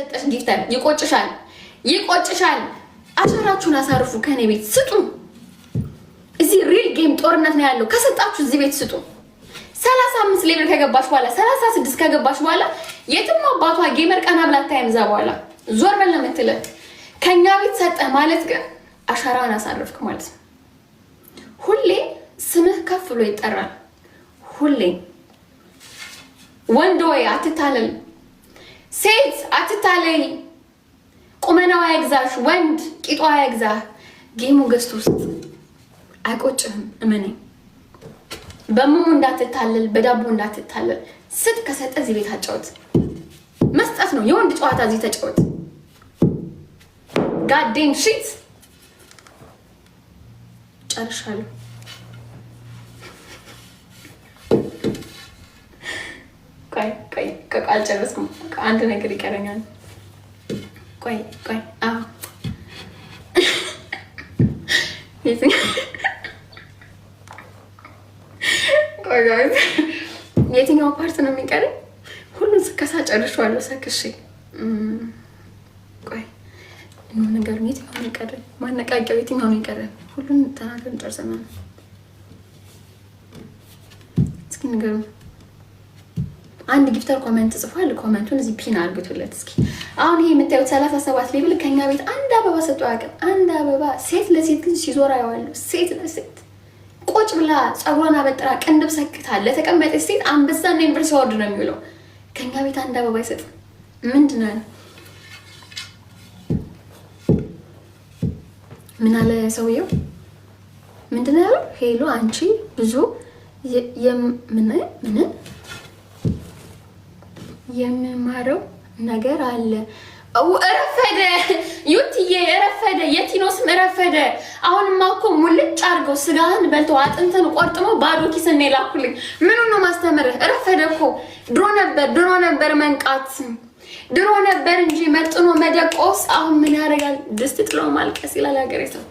የተሰጠሽ ጊፍት ይቆጭሻል፣ ይቆጭሻል። አሻራችሁን አሳርፉ። ከኔ ቤት ስጡ። እዚህ ሪል ጌም ጦርነት ነው ያለው። ከሰጣችሁ እዚህ ቤት ስጡ። ሰላሳ አምስት ሌብል ከገባሽ በኋላ ሰላሳ ስድስት ከገባሽ በኋላ የትም አባቷ ጌመር ቀና ብላ ታይም ዛ በኋላ ዞር በል ነው የምትለው። ከእኛ ቤት ሰጠ ማለት ግን አሻራን አሳረፍክ ማለት ነው። ሁሌ ስምህ ከፍ ብሎ ይጠራል። ሁሌ ወንድ ወይ አትታለል። ሴት አትታለይ፣ ቁመናው አያግዛሽ፣ ወንድ ቂጦ አያግዛህ። ጌሙ ገዝቶ ውስጥ አይቆጭህም። እመነኝ። በምሙ እንዳትታለል፣ በዳቦ እንዳትታለል። ስት ከሰጠ እዚህ ቤት አጫወት። መስጠት ነው የወንድ ጨዋታ። እዚህ ተጫወት። ጋዴን ሺት ጨርሻለሁ። ቆይ ቆይ ቆይ አልጨረስኩም። አንድ ነገር ይቀረኛል። ቆይ ቆይ አዎ የትኛው ፓርት ነው የሚቀረኝ? ሁሉን ስከሳ ጨርሻለሁ። ሰክሼ ቆይ ነገሩ የትኛው ነው የቀረኝ? ማነቃቂያው የትኛው ነው የቀረኝ? ሁሉን ተናገር ጨርሰናል። እስኪ ንገሩን አንድ ጊፍተር ኮመንት ጽፏል። ኮመንቱን እዚህ ፒን አርግቱለት እስኪ። አሁን ይሄ የምታዩት ሰላሳ ሰባት ሌብል ከኛ ቤት አንድ አበባ ሰጡ አያውቅም። አንድ አበባ ሴት ለሴት ግን ሲዞር አየዋለሁ። ሴት ለሴት ቁጭ ብላ ጸጉሯን አበጥራ ቅንድብ ሰክታ ለተቀመጠች ሴት አንበሳና ዩኒቨርስ ወርድ ነው የሚውለው። ከኛ ቤት አንድ አበባ አይሰጥም። ምንድን ነው ምን አለ ሰውየው? ምንድን ነው ያለው? ሄሎ አንቺ ብዙ ምን ምን የምማረው ነገር አለ። ረፈደ ዩትዬ፣ እረፈደ የቲኖስም እረፈደ አሁንማ እኮ ሙልጭ አድርገው ስጋህን በልተው አጥንትን ቆርጥሞ ባዶ ኪስን የላኩልኝ። ምኑ ነው ማስተምርህ? ረፈደ እኮ ድሮ ነበር ድሮ ነበር መንቃት ድሮ ነበር እንጂ መጥኖ መደቆስ። አሁን ምን ያደርጋል? ድስት ጥሎ ማልቀስ ይላል ሀገሬ ሰው።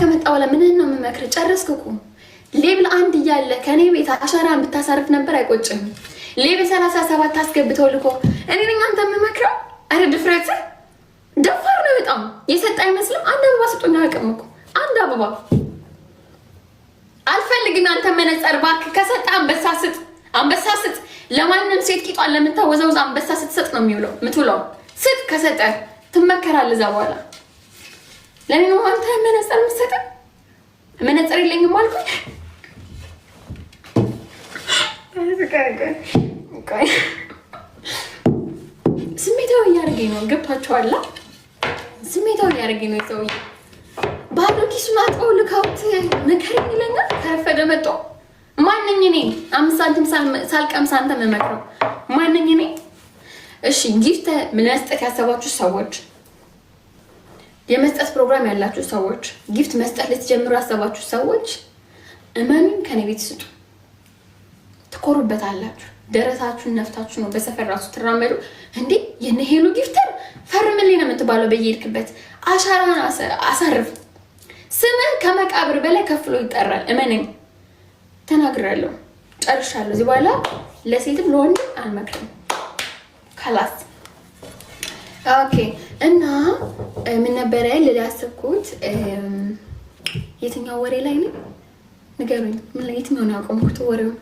ከመጣ በኋላ ምንህን ነው የምመክርህ? ጨረስክ እኮ ሌብል አንድ እያለ ከእኔ ቤት አሻራን ብታሳርፍ ነበር አይቆጭም። ሌቤ 37 አስገብተው ልኮ እኔ ነኝ አንተ የምመክረው አረ ድፍረት ደፋር ነው በጣም የሰጠ አይመስልም። አንድ አበባ ስጡና አያውቅም እኮ አንድ አበባ አልፈልግም። አንተ መነጸር እባክህ ከሰጠ አንበሳ ስጥ፣ አንበሳ ስጥ። ለማንም ሴት ቂጧን ለምታወዛውዝ አንበሳ ስትሰጥ ነው የሚውለው ምትውለው። ስጥ ከሰጠ ትመከራል። እዛ በኋላ ለኔ አንተ መነጸር ምሰጠ መነጸር የለኝም አልኩኝ። ስሜታዊ እያደረገኝ ነው። ገብታችኋላ? ስሜታዊ እያደረገኝ ነው። ሰው ባዶ ኪሱን አጥበው ልካውት ምከረኝ ይለኛል። ከረፈደ መጦ ማነኝ እኔ አምስት ሳንቲም ሳልቀምስ አንተ የምመክረው ማነኝ እኔ? እሺ ጊፍት መስጠት ያሰባችሁ ሰዎች፣ የመስጠት ፕሮግራም ያላችሁ ሰዎች፣ ጊፍት መስጠት ልትጀምሩ ያሰባችሁ ሰዎች እመኑኝ፣ ከኔ ቤት ስጡ፣ ትኮሩበታላችሁ። ደረታችሁን ነፍታችሁ ነው በሰፈር ራሱ ትራመዱ እንዴ? የነሄሉ ጊፍተር ፈርምልኝ ነው የምትባለው በየሄድክበት። አሻራን አሳርፍ። ስምህ ከመቃብር በላይ ከፍሎ ይጠራል። እመነኝ። ተናግራለሁ። ጨርሻለሁ። እዚህ በኋላ ለሴትም ለወንድ አልመክርም። ከላስ ኦኬ። እና ምን ነበረ ልል የትኛው ወሬ ላይ ነው? ንገሩኝ። ምን ላይ የትኛውን ያቆምኩት ወሬውን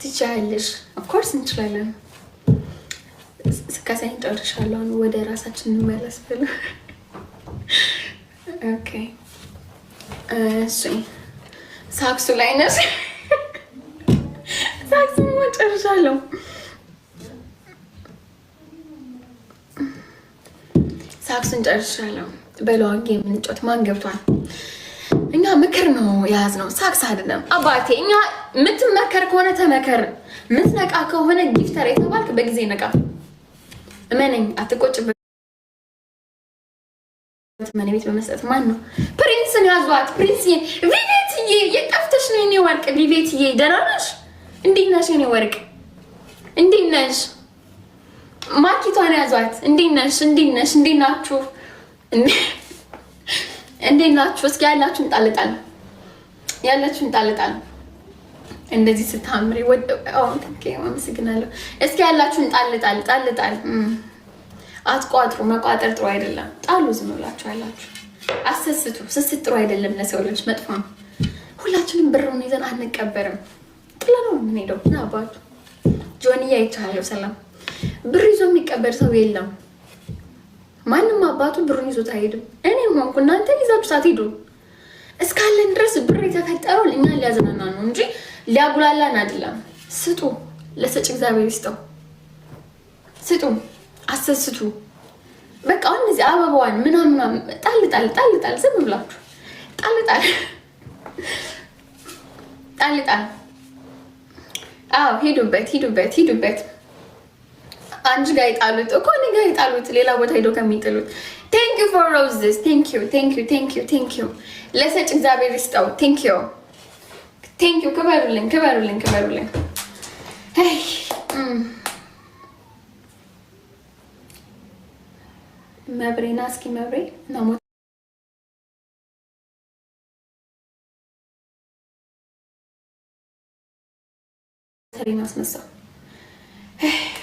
ትችያለሽ። ኦፍኮርስ እንችላለን። ስቃሴን ጨርሻለሁ። ወደ ራሳችን እንመለስ ብለ እሱ ሳክሱ ላይ ነሽ። ሳክሱ ጨርሻለሁ። ሳክሱን ጨርሻለሁ። በለዋጌ የምንጫወት ማን ገብቷል? እኛ ምክር ነው የያዝነው፣ ሳክስ አይደለም አባቴ። እኛ የምትመከር ከሆነ ተመከር፣ ምትነቃ ከሆነ ጊፍተር የተባልክ በጊዜ ነቃ። እመነኝ፣ አትቆጭበት። መን ቤት በመስጠት ማን ነው ፕሪንስን ያዟት። ፕሪንስ ቪቤትዬ፣ የጠፍተሽ ነው የኔ ወርቅ። ቪቤትዬ ደህና ነሽ? እንዴት ነሽ የኔ ወርቅ? እንዴት ነሽ? ማኪቷን ያዟት። እንዴት ነሽ? እንዴት ነሽ? እንዴት ናችሁ? እንዴት ናችሁ? እስኪ ያላችሁ ጣልጣል ያላችሁ ጣልጣል እንደዚህ ስታምሪ አመሰግናለሁ። እስኪ ያላችሁ ጣልጣል ጣልጣል አትቋጥሩ። መቋጠር ጥሩ አይደለም። ጣሉ። ዝም ብላችሁ ያላችሁ አሰስቱ። ስስት ጥሩ አይደለም፣ ለሰው ልጅ መጥፎ ነው። ሁላችንም ብሩን ይዘን አንቀበርም። ጥላ ነው የምንሄደው። ና አባቱ ጆኒ አይቻለሁ። ሰላም ብር ይዞ የሚቀበር ሰው የለም። ማንም አባቱ ብሩን ይዞት አይሄድም። እኔ ሆንኩ እናንተ ይዛችሁ ሳትሄዱ እስካለን ድረስ ብር የተፈጠረው እኛን ሊያዝናና ነው እንጂ ሊያጉላላን አይደለም። ስጡ፣ ለሰጭ እግዚአብሔር ይስጠው። ስጡ፣ አሰስቱ። በቃ አሁን እዚህ አበባዋን ምናምና ጣል ጣል ጣል ጣል ዝም ብላችሁ ጣል ጣል ጣል ጣል። አዎ ሂዱበት፣ ሂዱበት፣ ሂዱበት። አንቺ ጋር የጣሉት እኮ እኔ ጋር ይጣሉት ሌላ ቦታ ሄዶ ከሚጥሉት። ቴንክ ዩ ፎር ሮዝስ ቴንክ ዩ ቴንክ ዩ ቴንክ ዩ ቴንክ ዩ ለሰጭ እግዚአብሔር ይስጠው። ቴንክ ዩ ቴንክ ዩ። ክበሩልኝ ክበሩልኝ ክበሩልኝ። መብሬና እስኪ መብሬ ነው ሞተሬን አስነሳ